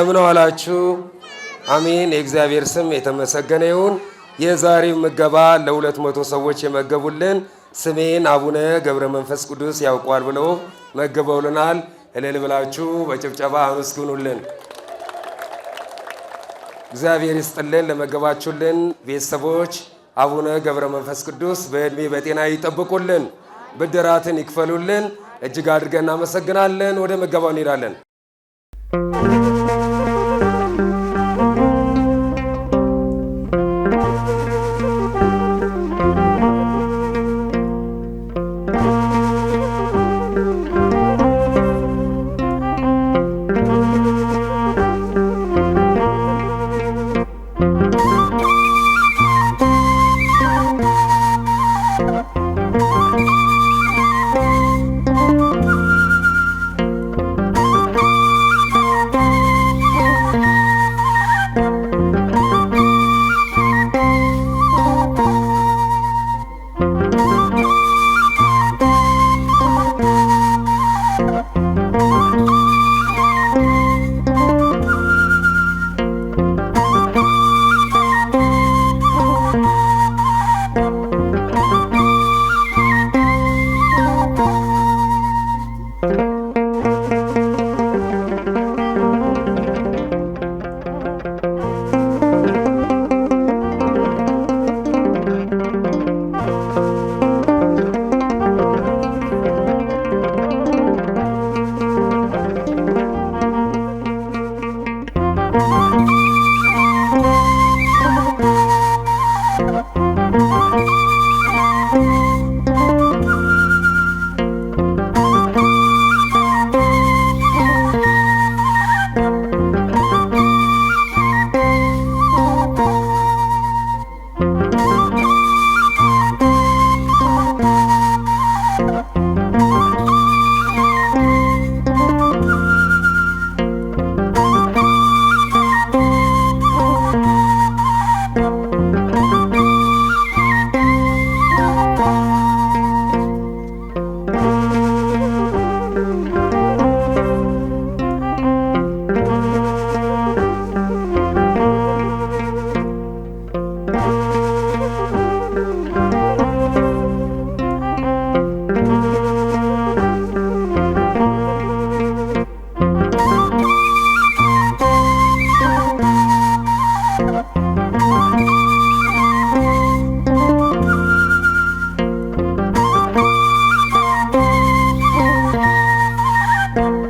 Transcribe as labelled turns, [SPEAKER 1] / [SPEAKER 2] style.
[SPEAKER 1] እንደምን ዋላችሁ? አሜን። የእግዚአብሔር ስም የተመሰገነ ይሁን። የዛሬው ምገባ ለሁለት መቶ ሰዎች የመገቡልን ስሜን አቡነ ገብረ መንፈስ ቅዱስ ያውቋል ብለው መገበውልናል። እልል ብላችሁ በጭብጨባ አመስግኑልን። እግዚአብሔር ይስጥልን። ለመገባችሁልን ቤተሰቦች አቡነ ገብረ መንፈስ ቅዱስ በዕድሜ በጤና ይጠብቁልን፣ ብድራትን ይክፈሉልን። እጅግ አድርገን እናመሰግናለን። ወደ ምገባው እንሄዳለን። Bye.